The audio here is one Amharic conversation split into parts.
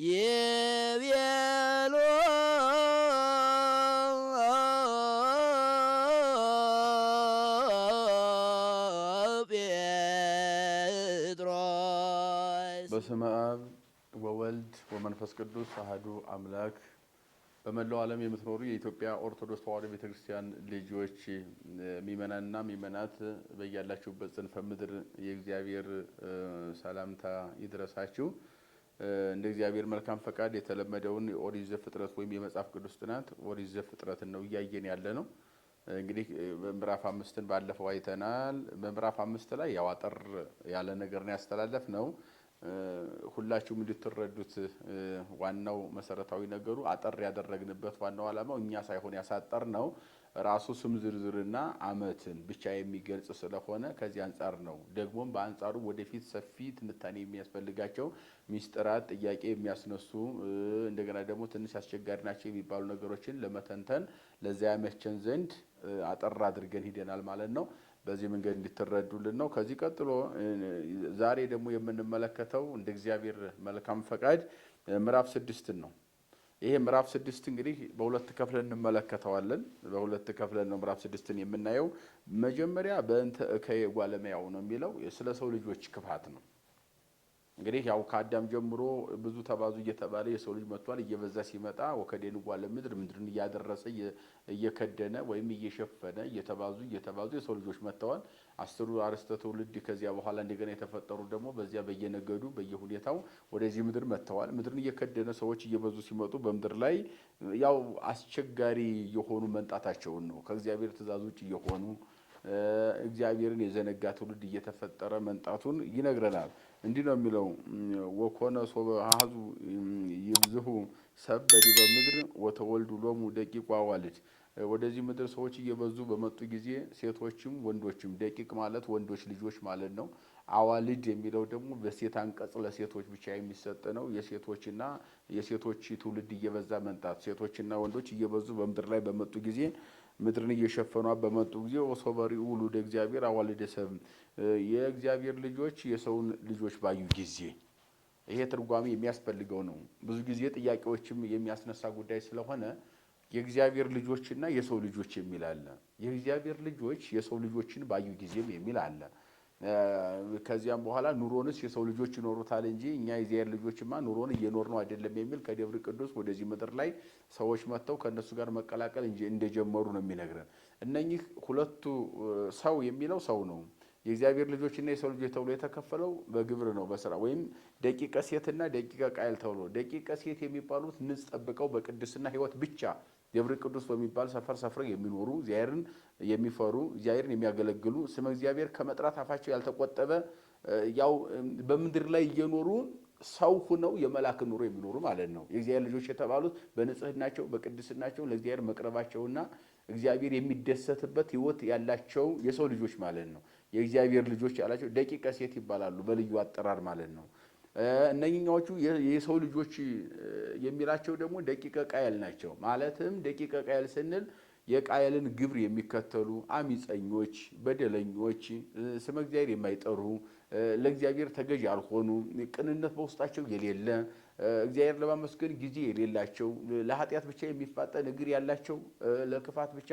በስመ አብ ወወልድ ወመንፈስ ቅዱስ አህዱ አምላክ። በመላው ዓለም የምትኖሩ የኢትዮጵያ ኦርቶዶክስ ተዋሕዶ ቤተክርስቲያን ልጆች ሚመናንና ሚመናት በያላችሁበት ጽንፈ ምድር የእግዚአብሔር ሰላምታ ይድረሳችሁ። እንደ እግዚአብሔር መልካም ፈቃድ የተለመደውን የኦሪት ዘፍጥረት ወይም የመጽሐፍ ቅዱስ ጥናት ኦሪት ዘፍጥረትን ነው እያየን ያለ ነው። እንግዲህ ምዕራፍ አምስትን ባለፈው አይተናል። በምዕራፍ አምስት ላይ ያው አጠር ያለ ነገር ነው ያስተላለፍ ነው። ሁላችሁም እንድትረዱት ዋናው መሰረታዊ ነገሩ አጠር ያደረግንበት ዋናው ዓላማው እኛ ሳይሆን ያሳጠር ነው ራሱ ስም ዝርዝርና ዓመትን ብቻ የሚገልጽ ስለሆነ ከዚህ አንጻር ነው። ደግሞም በአንጻሩ ወደፊት ሰፊ ትንታኔ የሚያስፈልጋቸው ሚስጥራት ጥያቄ የሚያስነሱ እንደገና ደግሞ ትንሽ አስቸጋሪ ናቸው የሚባሉ ነገሮችን ለመተንተን ለዚያ ያመቸን ዘንድ አጠር አድርገን ሂደናል ማለት ነው። በዚህ መንገድ እንድትረዱልን ነው። ከዚህ ቀጥሎ ዛሬ ደግሞ የምንመለከተው እንደ እግዚአብሔር መልካም ፈቃድ ምዕራፍ ስድስትን ነው። ይሄ ምዕራፍ ስድስት እንግዲህ በሁለት ከፍለን እንመለከተዋለን። በሁለት ከፍለን ነው ምዕራፍ ስድስትን የምናየው። መጀመሪያ በእንተ እከየ ጓለመያው ነው የሚለው ስለ ሰው ልጆች ክፋት ነው። እንግዲህ ያው ከአዳም ጀምሮ ብዙ ተባዙ እየተባለ የሰው ልጅ መጥቷል። እየበዛ ሲመጣ ወከዴን ዋለ ምድር ምድርን እያደረሰ እየከደነ ወይም እየሸፈነ እየተባዙ እየተባዙ የሰው ልጆች መጥተዋል። አስሩ አርዕስተ ትውልድ ከዚያ በኋላ እንደገና የተፈጠሩ ደግሞ በዚያ በየነገዱ በየሁኔታው ወደዚህ ምድር መጥተዋል። ምድርን እየከደነ ሰዎች እየበዙ ሲመጡ በምድር ላይ ያው አስቸጋሪ የሆኑ መምጣታቸውን ነው ከእግዚአብሔር ትእዛዝ ውጭ እየሆኑ እግዚአብሔርን የዘነጋ ትውልድ እየተፈጠረ መምጣቱን ይነግረናል። እንዲህ ነው የሚለው ወኮነ ሶበ አሐዙ ይብዝሁ ሰብ በዲበ ምድር ወተወልዱ ሎሙ ደቂቁ አዋልድ። ወደዚህ ምድር ሰዎች እየበዙ በመጡ ጊዜ ሴቶችም ወንዶችም፣ ደቂቅ ማለት ወንዶች ልጆች ማለት ነው። አዋልድ የሚለው ደግሞ በሴት አንቀጽ ለሴቶች ብቻ የሚሰጥ ነው። የሴቶችና የሴቶች ትውልድ እየበዛ መምጣት ሴቶችና ወንዶች እየበዙ በምድር ላይ በመጡ ጊዜ ምድርን እየሸፈኗት በመጡ ጊዜ ወሶበሪኡ ሉደ እግዚአብሔር አዋልደ የእግዚአብሔር ልጆች የሰውን ልጆች ባዩ ጊዜ ይሄ ትርጓሜ የሚያስፈልገው ነው። ብዙ ጊዜ ጥያቄዎችም የሚያስነሳ ጉዳይ ስለሆነ የእግዚአብሔር ልጆችና የሰው ልጆች የሚል አለ። የእግዚአብሔር ልጆች የሰው ልጆችን ባዩ ጊዜም የሚል አለ። ከዚያም በኋላ ኑሮንስ የሰው ልጆች ይኖሩታል እንጂ እኛ የእግዚአብሔር ልጆችማ ኑሮን እየኖር ነው አይደለም የሚል ከደብረ ቅዱስ ወደዚህ ምድር ላይ ሰዎች መጥተው ከእነሱ ጋር መቀላቀል እንደጀመሩ ነው የሚነግረን። እነኚህ ሁለቱ ሰው የሚለው ሰው ነው። የእግዚአብሔር ልጆችና የሰው ልጆች ተብሎ የተከፈለው በግብር ነው፣ በስራ ወይም ደቂቀ ሴትና ደቂቀ ቃየል ተብሎ ደቂቀ ሴት የሚባሉት ንጽ ጠብቀው በቅድስና ሕይወት ብቻ ደብረ ቅዱስ በሚባል ሰፈር ሰፍረው የሚኖሩ እግዚአብሔርን የሚፈሩ እግዚአብሔርን የሚያገለግሉ ስመ እግዚአብሔር ከመጥራት አፋቸው ያልተቆጠበ ያው በምድር ላይ እየኖሩ ሰው ሁነው የመላክ ኑሮ የሚኖሩ ማለት ነው። የእግዚአብሔር ልጆች የተባሉት በንጽህናቸው በቅድስናቸው ለእግዚአብሔር መቅረባቸውና እግዚአብሔር የሚደሰትበት ህይወት ያላቸው የሰው ልጆች ማለት ነው። የእግዚአብሔር ልጆች ያላቸው ደቂቀ ሴት ይባላሉ በልዩ አጠራር ማለት ነው። እነኛዎቹ የሰው ልጆች የሚላቸው ደግሞ ደቂቀ ቃየል ናቸው። ማለትም ደቂቀ ቃየል ስንል የቃየልን ግብር የሚከተሉ አሚፀኞች፣ በደለኞች፣ ስመ እግዚአብሔር የማይጠሩ ለእግዚአብሔር ተገዥ ያልሆኑ ቅንነት በውስጣቸው የሌለ እግዚአብሔር ለማመስገን ጊዜ የሌላቸው ለኃጢአት ብቻ የሚፋጠን እግር ያላቸው ለክፋት ብቻ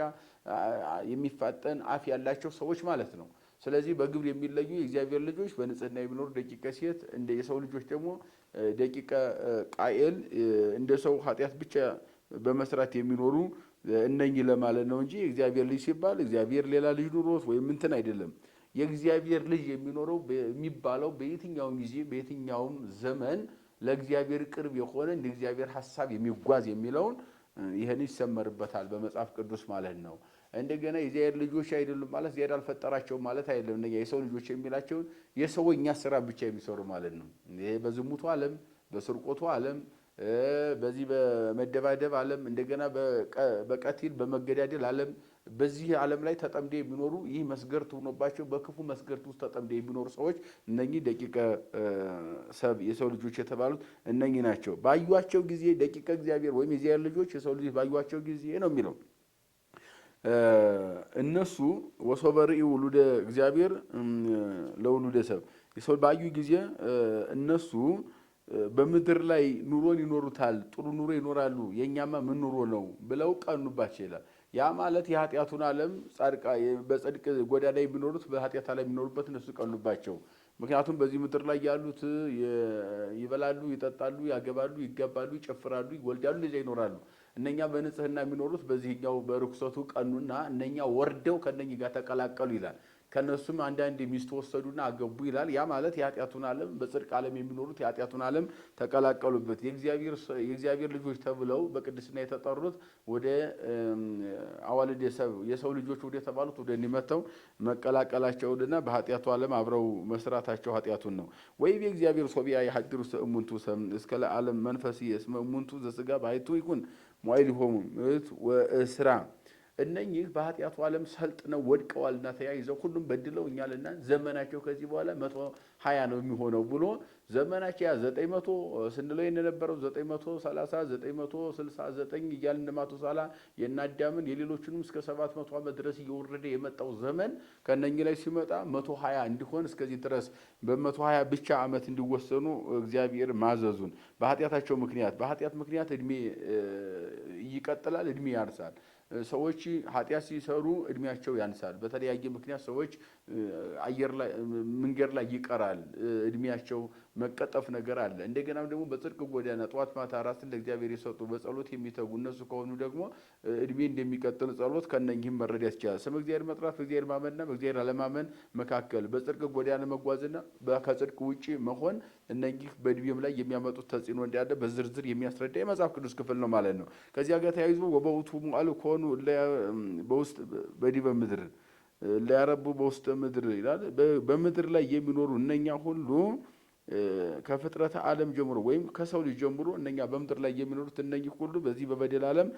የሚፋጠን አፍ ያላቸው ሰዎች ማለት ነው። ስለዚህ በግብር የሚለዩ የእግዚአብሔር ልጆች በንጽህና የሚኖሩ ደቂቀ ሴት፣ እንደ የሰው ልጆች ደግሞ ደቂቀ ቃኤል እንደ ሰው ኃጢአት ብቻ በመስራት የሚኖሩ እነኚህ ለማለት ነው እንጂ የእግዚአብሔር ልጅ ሲባል እግዚአብሔር ሌላ ልጅ ኑሮት ወይም እንትን አይደለም። የእግዚአብሔር ልጅ የሚኖረው የሚባለው በየትኛውም ጊዜ በየትኛውም ዘመን ለእግዚአብሔር ቅርብ የሆነ እንደ እግዚአብሔር ሀሳብ የሚጓዝ የሚለውን ይህን ይሰመርበታል በመጽሐፍ ቅዱስ ማለት ነው። እንደገና የእግዚአብሔር ልጆች አይደሉም ማለት እግዚአብሔር አልፈጠራቸውም ማለት አይደለም። የሰው ልጆች የሚላቸውን የሰውኛ ስራ ብቻ የሚሰሩ ማለት ነው። ይሄ በዝሙቱ ዓለም፣ በስርቆቱ ዓለም፣ በዚህ በመደባደብ ዓለም፣ እንደገና በቀቲል በመገዳደል ዓለም፣ በዚህ ዓለም ላይ ተጠምደ የሚኖሩ ይህ መስገርት ሆኖባቸው በክፉ መስገርት ውስጥ ተጠምደ የሚኖሩ ሰዎች እነኚህ ደቂቀ ሰብ የሰው ልጆች የተባሉት እነኚህ ናቸው። ባዩቸው ጊዜ ደቂቀ እግዚአብሔር ወይም የእግዚአብሔር ልጆች የሰው ልጆች ባዩቸው ጊዜ ነው የሚለው እነሱ ወሶበርኢው ውሉደ እግዚአብሔር ለውሉደ ሰብ የሰው ባዩ ጊዜ እነሱ በምድር ላይ ኑሮን ይኖሩታል፣ ጥሩ ኑሮ ይኖራሉ፣ የእኛማ ምን ኑሮ ነው ብለው ቀኑባቸው ይላል። ያ ማለት የኃጢአቱን ዓለም በጽድቅ ጎዳ ላይ የሚኖሩት በኃጢአት ዓለም የሚኖሩበት እነሱ ቀኑባቸው። ምክንያቱም በዚህ ምድር ላይ ያሉት ይበላሉ፣ ይጠጣሉ፣ ያገባሉ፣ ይገባሉ፣ ይጨፍራሉ፣ ይወልዳሉ፣ እንደዚያ ይኖራሉ። እነኛ በንጽህና የሚኖሩት በዚህኛው በርኩሰቱ ቀኑና እነኛ ወርደው ከነኚህ ጋር ተቀላቀሉ ይላል። ከነሱም አንዳንድ ሚስት ወሰዱና አገቡ ይላል። ያ ማለት የኃጢአቱን ዓለም በጽድቅ ዓለም የሚኖሩት የኃጢአቱን ዓለም ተቀላቀሉበት። የእግዚአብሔር ልጆች ተብለው በቅድስና የተጠሩት ወደ አዋልድ የሰው ልጆች ወደ የተባሉት ወደ እንዲመተው መቀላቀላቸውንና በኃጢአቱ ዓለም አብረው መስራታቸው ኃጢአቱን ነው። ወይም የእግዚአብሔር ሶቢያ የሀዲሩ እሙንቱ እስከ ለዓለም መንፈስ እስመ እሙንቱ ዘስጋ ባይቱ ይኩን ሙዓይድ ይሆኑ ስራ እነኚህ በኃጢአቱ ዓለም ሰልጥነው ወድቀዋልና ተያይዘው ሁሉም እኛልና ዘመናቸው ከዚህ በኋላ መቶ ሀያ ነው የሚሆነው ብሎ ዘመናቸው ያ ዘጠኝ መቶ ስንለው የነበረው ዘጠኝ መቶ ሰላሳ ዘጠኝ መቶ ስልሳ ዘጠኝ ሳላ የሌሎችንም እስከ ሰባት መቶ ዓመት ድረስ እየወረደ የመጣው ዘመን ከነኚህ ላይ ሲመጣ መቶ ሀያ እንዲሆን እስከዚህ ድረስ በመቶ ሀያ ብቻ ዓመት እንዲወሰኑ እግዚአብሔር ማዘዙን በኃጢአታቸው ምክንያት በኃጢአት ምክንያት እድሜ ይቀጥላል፣ እድሜ ያርሳል። ሰዎች ኃጢአት ሲሰሩ እድሜያቸው ያንሳል። በተለያየ ምክንያት ሰዎች አየር ላይ መንገድ ላይ ይቀራል። እድሜያቸው መቀጠፍ ነገር አለ። እንደገና ደግሞ በጽድቅ ጎዳና ጠዋት ማታ ራስን ለእግዚአብሔር የሰጡ በጸሎት የሚተጉ እነሱ ከሆኑ ደግሞ እድሜ እንደሚቀጥል ጸሎት ከነኝህም መረዳት ይቻላል። ስመ እግዚአብሔር መጥራት እግዚአብሔር ማመንና በእግዚአብሔር አለማመን መካከል በጽድቅ ጎዳና መጓዝና ከጽድቅ ውጭ መሆን እነኚህ በእድሜም ላይ የሚያመጡት ተጽዕኖ እንዳለ በዝርዝር የሚያስረዳ የመጽሐፍ ቅዱስ ክፍል ነው ማለት ነው። ከዚያ ጋር ተያይዞ ወበውቱ ሙአሉ ኮኑ በውስጥ በዲበ ምድር ሊያረቡ በውስተ ምድር ይላል። በምድር ላይ የሚኖሩ እነኛ ሁሉ ከፍጥረተ ዓለም ጀምሮ ወይም ከሰው ልጅ ጀምሮ እነኛ በምድር ላይ የሚኖሩት እነኚህ ሁሉ በዚህ በበደል ዓለም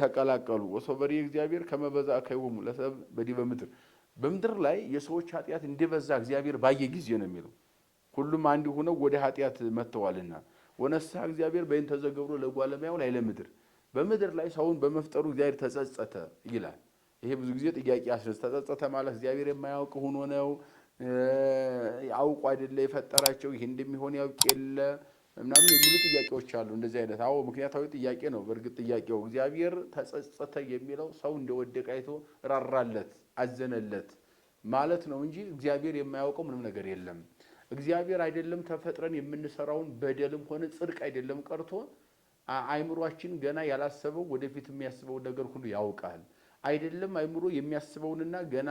ተቀላቀሉ። ወሶበሪ እግዚአብሔር ከመበዛ ከይወሙ ለሰብ በዲ በምድር በምድር ላይ የሰዎች ኃጢአት እንደበዛ እግዚአብሔር ባየ ጊዜ ነው የሚለው። ሁሉም አንድ ሆነው ወደ ኃጢአት መጥተዋልና ወነሳ እግዚአብሔር በይን ተዘገብሮ ለጓለማያው ላይ ለምድር በምድር ላይ ሰውን በመፍጠሩ እግዚአብሔር ተጸጸተ ይላል። ይሄ ብዙ ጊዜ ጥያቄ ያስነሳ። ተጸጸተ ማለት እግዚአብሔር የማያውቅ ሆኖ ነው አውቁ አይደለ የፈጠራቸው ይህ እንደሚሆን ያውቅ የለ ምናምን የሚሉ ጥያቄዎች አሉ። እንደዚህ አይነት አዎ ምክንያታዊ ጥያቄ ነው። በእርግጥ ጥያቄው እግዚአብሔር ተጸጸተ የሚለው ሰው እንደወደቀ አይቶ ራራለት፣ አዘነለት ማለት ነው እንጂ እግዚአብሔር የማያውቀው ምንም ነገር የለም። እግዚአብሔር አይደለም ተፈጥረን የምንሰራውን በደልም ሆነ ጽድቅ አይደለም ቀርቶ አይምሯችን ገና ያላሰበው ወደፊት የሚያስበው ነገር ሁሉ ያውቃል። አይደለም አይምሮ የሚያስበውንና ገና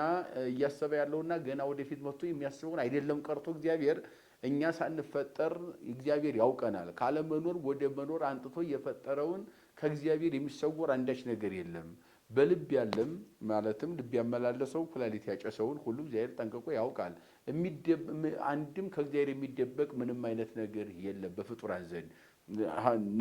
እያሰበ ያለውና ገና ወደፊት መጥቶ የሚያስበውን አይደለም ቀርቶ እግዚአብሔር እኛ ሳንፈጠር እግዚአብሔር ያውቀናል። ካለመኖር ወደ መኖር አንጥቶ የፈጠረውን ከእግዚአብሔር የሚሰወር አንዳች ነገር የለም። በልብ ያለም ማለትም ልብ ያመላለሰው ኩላሊት ያጨሰውን ሁሉ እግዚአብሔር ጠንቅቆ ያውቃል። አንድም ከእግዚአብሔር የሚደበቅ ምንም አይነት ነገር የለም በፍጡራን ዘንድ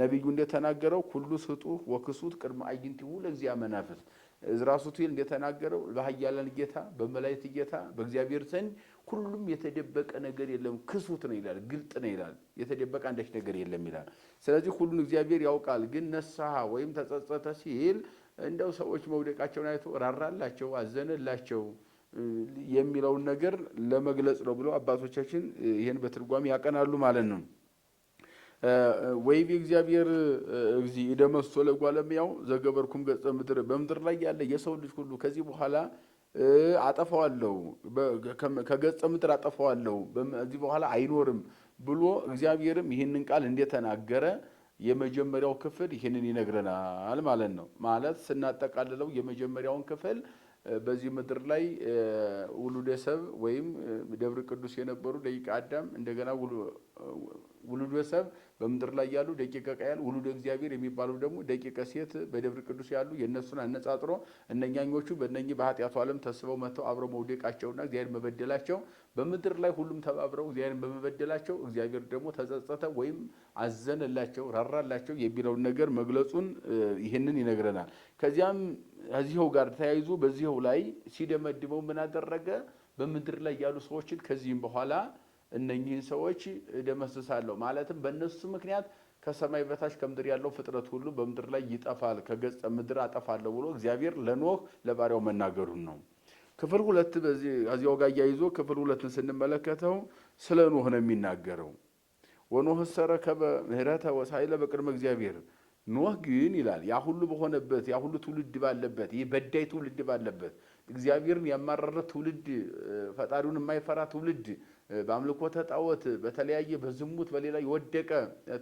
ነቢዩ እንደተናገረው ሁሉ ስጡ ወክሱት ቅድመ አዕይንቲሁ ለእግዚአ መናፍስት ዕዝራ ሱቱኤል እንደተናገረው በኃያላን ጌታ በመላእክት ጌታ በእግዚአብሔር ዘንድ ሁሉም የተደበቀ ነገር የለም፣ ክሱት ነው ይላል፣ ግልጥ ነው ይላል፣ የተደበቀ አንዳች ነገር የለም ይላል። ስለዚህ ሁሉን እግዚአብሔር ያውቃል። ግን ነስሐ ወይም ተጸጸተ ሲል እንደው ሰዎች መውደቃቸውን አይቶ ራራላቸው፣ አዘነላቸው የሚለውን ነገር ለመግለጽ ነው ብሎ አባቶቻችን ይህን በትርጓሜ ያቀናሉ ማለት ነው። ወይም የእግዚአብሔር እግዚ ይደመስሶ ያው ዘገበርኩም ገጸ ምድር በምድር ላይ ያለ የሰው ልጅ ሁሉ ከዚህ በኋላ አጠፋዋለሁ ከገጸ ምድር አጠፋዋለሁ ከዚህ በኋላ አይኖርም ብሎ እግዚአብሔርም ይህንን ቃል እንደተናገረ የመጀመሪያው ክፍል ይህንን ይነግረናል ማለት ነው። ማለት ስናጠቃልለው የመጀመሪያውን ክፍል በዚህ ምድር ላይ ውሉደ ሰብ ወይም ደብረ ቅዱስ የነበሩ ደቂቀ አዳም እንደገና ውሉደ ሰብ በምድር ላይ ያሉ ደቂቀ ቃየል ውሉደ እግዚአብሔር የሚባሉ ደግሞ ደቂቀ ሴት በደብር ቅዱስ ያሉ የእነሱን አነጻጥሮ እነኛኞቹ በእነኚህ በኃጢአቱ ዓለም ተስበው መጥተው አብረው መውደቃቸውና እግዚአብሔር መበደላቸው በምድር ላይ ሁሉም ተባብረው እግዚአብሔር በመበደላቸው እግዚአብሔር ደግሞ ተጸጸተ ወይም አዘነላቸው፣ ራራላቸው የሚለውን ነገር መግለጹን ይህንን ይነግረናል። ከዚያም ከዚህው ጋር ተያይዞ በዚህው ላይ ሲደመድመው ምን አደረገ? በምድር ላይ ያሉ ሰዎችን ከዚህም በኋላ እነኚህን ሰዎች እደመስሳለሁ ማለትም በእነሱ ምክንያት ከሰማይ በታች ከምድር ያለው ፍጥረት ሁሉ በምድር ላይ ይጠፋል፣ ከገጸ ምድር አጠፋለሁ ብሎ እግዚአብሔር ለኖህ ለባሪያው መናገሩን ነው። ክፍል ሁለት በዚህ ጋር እያይዞ ክፍል ሁለትን ስንመለከተው ስለ ኖህ ነው የሚናገረው። ወኖህ ሰረከበ ምህረተ ወሳይለ በቅድመ እግዚአብሔር ኖህ ግን ይላል ያ ሁሉ በሆነበት ያ ሁሉ ትውልድ ባለበት ይህ በዳይ ትውልድ ባለበት እግዚአብሔርን ያማረረ ትውልድ ፈጣሪውን የማይፈራ ትውልድ በአምልኮተ ጣዖት በተለያየ በዝሙት በሌላ የወደቀ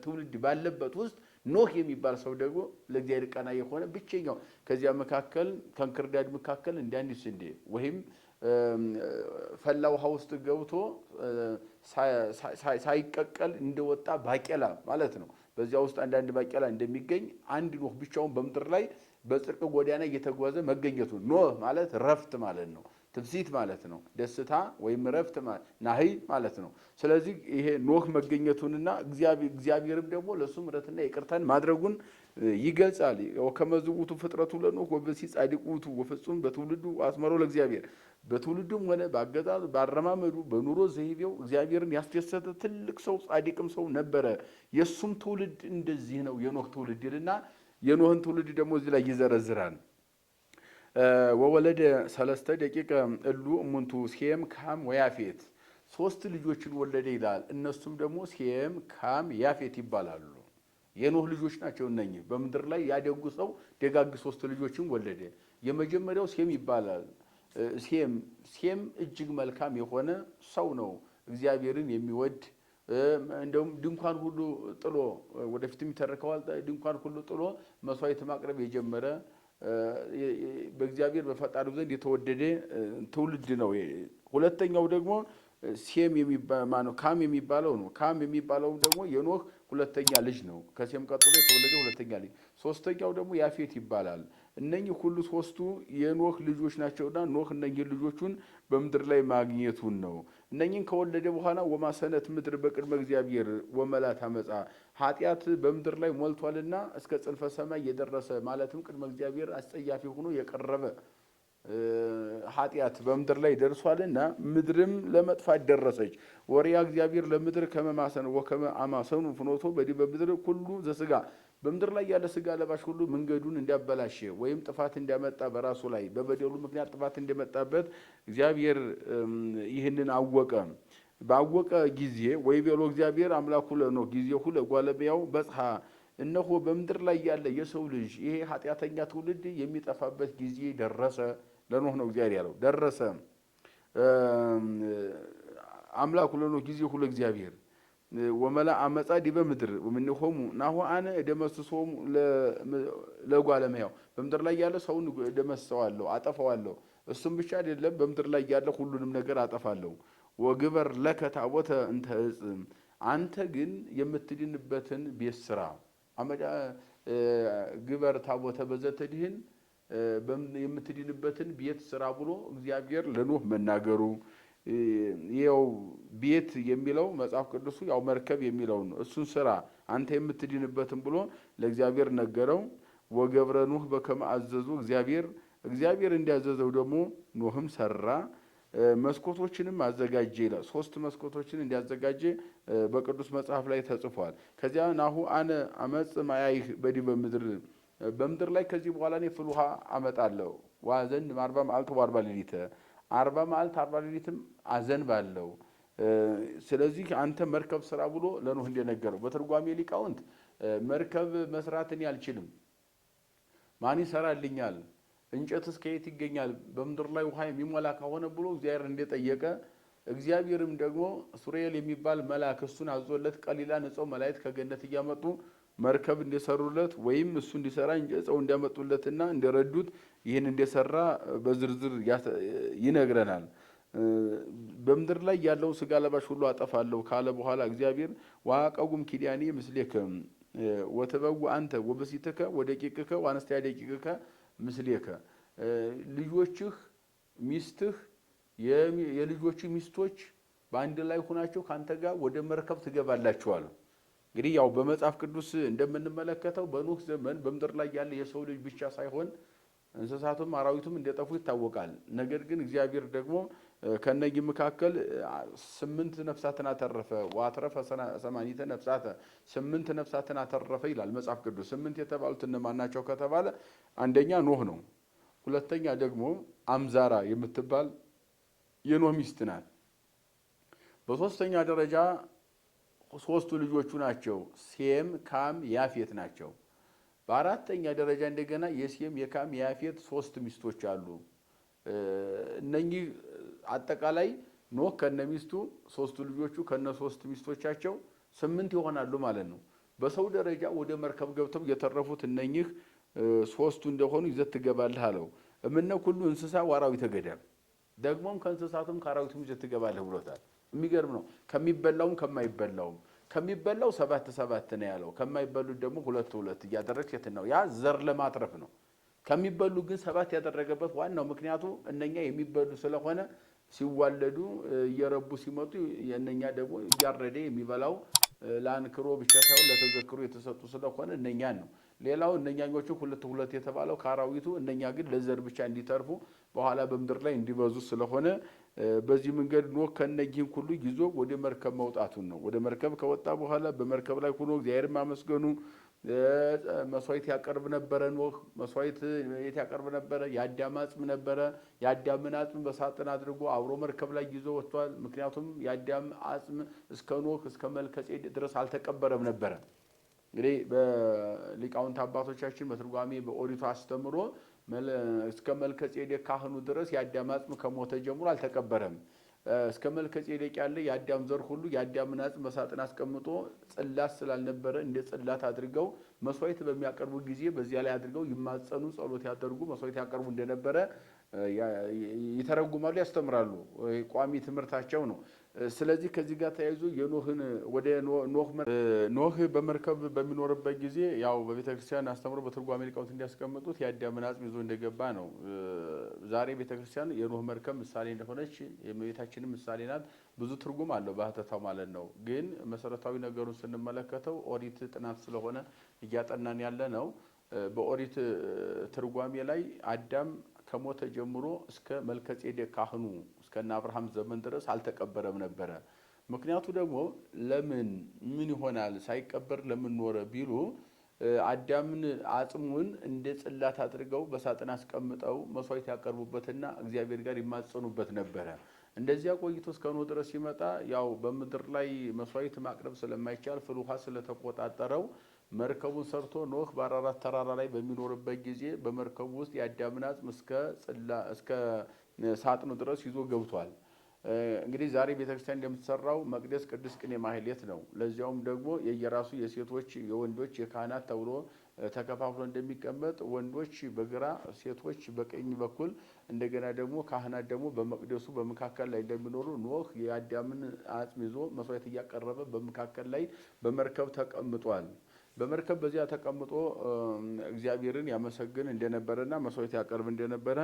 ትውልድ ባለበት ውስጥ ኖህ የሚባል ሰው ደግሞ ለእግዚአብሔር ቀና የሆነ ብቸኛው ከዚያ መካከል ከእንክርዳድ መካከል እንደ አንዲት ስንዴ ወይም ፈላ ውሃ ውስጥ ገብቶ ሳይቀቀል እንደወጣ ባቄላ ማለት ነው። በዚያ ውስጥ አንዳንድ ባቄላ እንደሚገኝ አንድ ኖህ ብቻውን በምድር ላይ በጽድቅ ጎዳና እየተጓዘ መገኘቱ ኖህ ማለት ረፍት ማለት ነው። ትብሲት ማለት ነው ደስታ ወይም እረፍት ናህይ ማለት ነው። ስለዚህ ይሄ ኖህ መገኘቱንና እግዚአብሔርም ደግሞ ለእሱ ምሕረትና ይቅርታን ማድረጉን ይገልጻል። ከመዝውቱ ፍጥረቱ ለኖህ ወበሲ ጻድቁቱ ወፍጹም በትውልዱ አስመሮ ለእግዚአብሔር በትውልዱም ሆነ በአገዛዙ ባረማመዱ በኑሮ ዘይቤው እግዚአብሔርን ያስደሰተ ትልቅ ሰው ጻድቅም ሰው ነበረ። የእሱም ትውልድ እንደዚህ ነው የኖህ ትውልድ ይልና የኖህን ትውልድ ደግሞ እዚህ ላይ ይዘረዝራል። ወወለደ ሰለስተ ደቂቀ እሉ እሙንቱ ሴም ካም ወያፌት ሶስት ልጆችን ወለደ ይላል። እነሱም ደግሞ ሴም ካም ያፌት ይባላሉ። የኖህ ልጆች ናቸው እነኚህ። በምድር ላይ ያደጉ ሰው ደጋግ ሶስት ልጆችን ወለደ። የመጀመሪያው ሴም ይባላል። ሴም ሴም እጅግ መልካም የሆነ ሰው ነው፣ እግዚአብሔርን የሚወድ እንደውም ድንኳን ሁሉ ጥሎ ወደፊትም ይተርከዋል። ድንኳን ሁሉ ጥሎ መስዋዕት ማቅረብ የጀመረ በእግዚአብሔር በፈጣሪ ዘንድ የተወደደ ትውልድ ነው። ሁለተኛው ደግሞ ሴም የሚባለው ካም የሚባለው ነው። ካም የሚባለው ደግሞ የኖህ ሁለተኛ ልጅ ነው። ከሴም ቀጥሎ የተወለደ ሁለተኛ ልጅ። ሶስተኛው ደግሞ ያፌት ይባላል። እነኚህ ሁሉ ሶስቱ የኖህ ልጆች ናቸውና ኖህ እነኚህን ልጆቹን በምድር ላይ ማግኘቱን ነው። እነኚህን ከወለደ በኋላ ወማሰነት ምድር በቅድመ እግዚአብሔር ወመላ ታመጻ ኃጢአት በምድር ላይ ሞልቷልና እስከ ጽንፈ ሰማይ የደረሰ ማለትም ቅድመ እግዚአብሔር አስጸያፊ ሆኖ የቀረበ ኃጢአት በምድር ላይ ደርሷልና ምድርም ለመጥፋት ደረሰች። ወሪያ እግዚአብሔር ለምድር ከመማሰን ወከመ አማሰኑ ፍኖቶ በዲበ በምድር ሁሉ ዘስጋ በምድር ላይ ያለ ስጋ ለባሽ ሁሉ መንገዱን እንዲያበላሽ ወይም ጥፋት እንዲያመጣ በራሱ ላይ በበደሉ ምክንያት ጥፋት እንዲመጣበት እግዚአብሔር ይህንን አወቀ። ባወቀ ጊዜ ወይ ወይቤሎ እግዚአብሔር አምላኩ ለኖ ጊዜ ሁለ ለጓለቢያው በጽሐ እነሆ በምድር ላይ ያለ የሰው ልጅ ይሄ ኃጢአተኛ ትውልድ የሚጠፋበት ጊዜ ደረሰ ለኖህ ነው እግዚአብሔር ያለው ደረሰ አምላኩ ለኖህ ጊዜ ሁሉ እግዚአብሔር ወመላ አመጻ ዲበ ምድር ወምንሆሙ ናሁ አነ ደመስሶሙ ለጓለ እመሕያው በምድር ላይ ያለ ሰውን እደመስሰዋለሁ፣ አጠፋዋለሁ። እሱም ብቻ አይደለም በምድር ላይ ያለ ሁሉንም ነገር አጠፋለሁ። ወግበር ለከ ታቦተ እንተ ዕፅ አንተ ግን የምትድንበትን ቤት ስራ ግበር ታቦተ በዘተ በዘተድህን የምትድንበትን ቤት ስራ ብሎ እግዚአብሔር ለኖህ መናገሩ ይኸው ቤት የሚለው መጽሐፍ ቅዱሱ ያው መርከብ የሚለው ነው። እሱን ስራ አንተ የምትድንበትን ብሎ ለእግዚአብሔር ነገረው። ወገብረ ኖህ በከመ አዘዙ እግዚአብሔር እግዚአብሔር እንዲያዘዘው ደግሞ ኖህም ሰራ መስኮቶችንም አዘጋጀ ይላል። ሶስት መስኮቶችን እንዲያዘጋጀ በቅዱስ መጽሐፍ ላይ ተጽፏል። ከዚያ ናሁ አነ አመፅ ማያይህ በዲበ ምድር በምድር ላይ ከዚህ በኋላ እኔ ፍል ውሃ አመጣለሁ ዋዘን አርባ መዓልት ወአርባ ሌሊት አርባ መዓልት አርባ ሌሊትም አዘንባለሁ። ስለዚህ አንተ መርከብ ስራ ብሎ ለኖህ እንደነገረው በትርጓሜ ሊቃውንት መርከብ መስራት እኔ አልችልም፣ ማን ይሰራልኛል? እንጨትስ ከየት ይገኛል? በምድር ላይ ውሃ የሚሞላ ከሆነ ብሎ እግዚአብሔር እንደጠየቀ እግዚአብሔርም ደግሞ ሱሬል የሚባል መልአክ እሱን አዞለት ቀሊላ ንጾ መላእክት ከገነት እያመጡ መርከብ እንደሰሩለት ወይም እሱ እንዲሰራ እንጨጸው እንዲያመጡለትና እንደረዱት ይህን እንደሰራ በዝርዝር ይነግረናል። በምድር ላይ ያለው ስጋ ለባሽ ሁሉ አጠፋለሁ ካለ በኋላ እግዚአብሔር ዋቀጉም ኪዳኔ ምስሌከም ወተበው አንተ ወበሲተከ ወደቂቅከ ወአንስቲያ ደቂቅከ ምስሌከ ልጆችህ፣ ሚስትህ፣ የልጆችህ ሚስቶች በአንድ ላይ ሆናቸው ከአንተ ጋር ወደ መርከብ ትገባላችኋለሁ። እንግዲህ ያው በመጽሐፍ ቅዱስ እንደምንመለከተው በኖህ ዘመን በምድር ላይ ያለ የሰው ልጅ ብቻ ሳይሆን እንስሳቱም አራዊቱም እንደጠፉ ይታወቃል። ነገር ግን እግዚአብሔር ደግሞ ከነዚህ መካከል ስምንት ነፍሳትን አተረፈ። ወአትረፈ ሰማኒተ ነፍሳተ ስምንት ነፍሳትን አተረፈ ይላል መጽሐፍ ቅዱስ። ስምንት የተባሉት እነማን ናቸው ከተባለ አንደኛ ኖህ ነው። ሁለተኛ ደግሞ አምዛራ የምትባል የኖህ ሚስት ናት። በሶስተኛ ደረጃ ሶስቱ ልጆቹ ናቸው። ሴም፣ ካም፣ ያፌት ናቸው። በአራተኛ ደረጃ እንደገና የሴም የካም ያፌት ሶስት ሚስቶች አሉ። እነኚህ አጠቃላይ ኖህ ከነ ሚስቱ ሶስቱ ልጆቹ ከነ ሶስት ሚስቶቻቸው ስምንት ይሆናሉ ማለት ነው። በሰው ደረጃ ወደ መርከብ ገብተው የተረፉት እነኚህ ሶስቱ እንደሆኑ ይዘት ትገባልህ አለው። እምነ ኩሉ እንስሳ ዋራዊ ተገዳም ደግሞም ከእንስሳትም ከአራዊትም እጅ ትገባለህ ብሎታል። የሚገርም ነው። ከሚበላውም ከማይበላውም ከሚበላው ሰባት ሰባት ነው ያለው። ከማይበሉት ደግሞ ሁለት ሁለት እያደረግ ነው ያ ዘር ለማትረፍ ነው። ከሚበሉ ግን ሰባት ያደረገበት ዋናው ምክንያቱ እነኛ የሚበሉ ስለሆነ ሲዋለዱ እየረቡ ሲመጡ እነኛ ደግሞ እያረደ የሚበላው ለአንክሮ ብቻ ሳይሆን ለተዘክሮ የተሰጡ ስለሆነ እነኛን ነው። ሌላው እነኛኞቹ ሁለት ሁለት የተባለው ከአራዊቱ እነኛ ግን ለዘር ብቻ እንዲተርፉ በኋላ በምድር ላይ እንዲበዙ ስለሆነ በዚህ መንገድ ኖ ከነጊህን ሁሉ ይዞ ወደ መርከብ መውጣቱን ነው። ወደ መርከብ ከወጣ በኋላ በመርከብ ላይ ሆኖ እግዚአብሔር ማመስገኑ መስዋዕት ያቀርብ ነበረ። ኖህ መስዋዕት የት ያቀርብ ነበረ? የአዳም አጽም ነበረ። የአዳምን አጽም በሳጥን አድርጎ አብሮ መርከብ ላይ ይዞ ወጥቷል። ምክንያቱም የአዳም አጽም እስከ ኖህ እስከ መልከጼዴቅ ድረስ አልተቀበረም ነበረ። እንግዲህ በሊቃውንት አባቶቻችን በትርጓሜ በኦሪቱ አስተምሮ እስከ መልከጼዴቅ ካህኑ ድረስ የአዳም አጽም ከሞተ ጀምሮ አልተቀበረም። እስከ መልከጼዴቅ ያለ የአዳም ዘር ሁሉ የአዳምን አጽም በሳጥን አስቀምጦ ጽላት ስላልነበረ እንደ ጽላት አድርገው መስዋዕት በሚያቀርቡ ጊዜ በዚያ ላይ አድርገው ይማጸኑ፣ ጸሎት ያደርጉ፣ መስዋዕት ያቀርቡ እንደነበረ ይተረጉማሉ፣ ያስተምራሉ። ቋሚ ትምህርታቸው ነው። ስለዚህ ከዚህ ጋር ተያይዞ የኖህን ወደ ኖህ በመርከብ በሚኖርበት ጊዜ ያው በቤተ ክርስቲያን አስተምሮ በትርጓሜ ሊቃውንት እንዲያስቀምጡት የአዳምን አጽም ይዞ እንደገባ ነው። ዛሬ ቤተ ክርስቲያን የኖህ መርከብ ምሳሌ እንደሆነች የእመቤታችንም ምሳሌ ናት። ብዙ ትርጉም አለው ባህተታው ማለት ነው። ግን መሰረታዊ ነገሩን ስንመለከተው ኦሪት ጥናት ስለሆነ እያጠናን ያለ ነው። በኦሪት ትርጓሜ ላይ አዳም ከሞተ ጀምሮ እስከ መልከጼዴ ካህኑ እስከነ አብርሃም ዘመን ድረስ አልተቀበረም ነበረ። ምክንያቱ ደግሞ ለምን ምን ይሆናል ሳይቀበር ለምን ኖረ ቢሉ አዳምን አጽሙን እንደ ጽላት አድርገው በሳጥን አስቀምጠው መስዋዕት ያቀርቡበትና እግዚአብሔር ጋር ይማጸኑበት ነበረ። እንደዚያ ቆይቶ እስከ ኖህ ድረስ ሲመጣ ያው በምድር ላይ መስዋዕት ማቅረብ ስለማይቻል ፍል ውሃ ስለተቆጣጠረው መርከቡን ሰርቶ ኖህ በአራራት ተራራ ላይ በሚኖርበት ጊዜ በመርከቡ ውስጥ የአዳምን አጽም እስከ ሳጥኑ ድረስ ይዞ ገብቷል። እንግዲህ ዛሬ ቤተክርስቲያን እንደምትሰራው መቅደስ ቅዱስ ቅኔ ማህሌት ነው። ለዚያውም ደግሞ የየራሱ የሴቶች የወንዶች የካህናት ተብሎ ተከፋፍሎ እንደሚቀመጥ ወንዶች በግራ ሴቶች በቀኝ በኩል እንደገና ደግሞ ካህናት ደግሞ በመቅደሱ በመካከል ላይ እንደሚኖሩ ኖህ የአዳምን አጽም ይዞ መስዋዕት እያቀረበ በመካከል ላይ በመርከብ ተቀምጧል። በመርከብ በዚያ ተቀምጦ እግዚአብሔርን ያመሰግን እንደነበረና መስዋዕት ያቀርብ እንደነበረ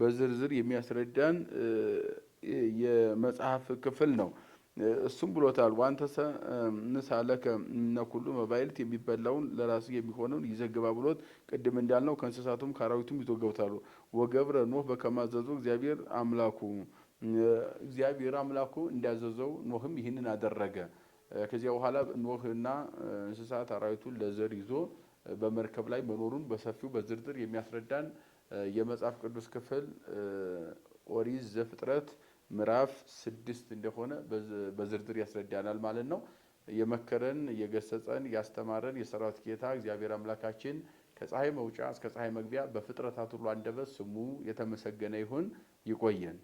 በዝርዝር የሚያስረዳን የመጽሐፍ ክፍል ነው። እሱም ብሎታል ዋንተ ንሳ ለከ እምነኩሉ መባይልት የሚበላውን ለራሱ የሚሆነውን ይዘግባ ብሎት ቅድም እንዳልነው ከእንስሳቱም ከአራዊቱም ይዘግቡታሉ። ወገብረ ኖህ በከማዘዙ እግዚአብሔር አምላኩ እግዚአብሔር አምላኩ እንዳዘዘው ኖህም ይህንን አደረገ። ከዚያ በኋላ ኖህና እንስሳት አራዊቱን ለዘር ይዞ በመርከብ ላይ መኖሩን በሰፊው በዝርዝር የሚያስረዳን የመጽሐፍ ቅዱስ ክፍል ኦሪት ዘፍጥረት ምዕራፍ ስድስት እንደሆነ በዝርዝር ያስረዳናል ማለት ነው። የመከረን የገሰጸን ያስተማረን የሰራዊት ጌታ እግዚአብሔር አምላካችን ከፀሐይ መውጫ እስከ ፀሐይ መግቢያ በፍጥረታት ሁሉ አንደበት ስሙ የተመሰገነ ይሁን። ይቆየን።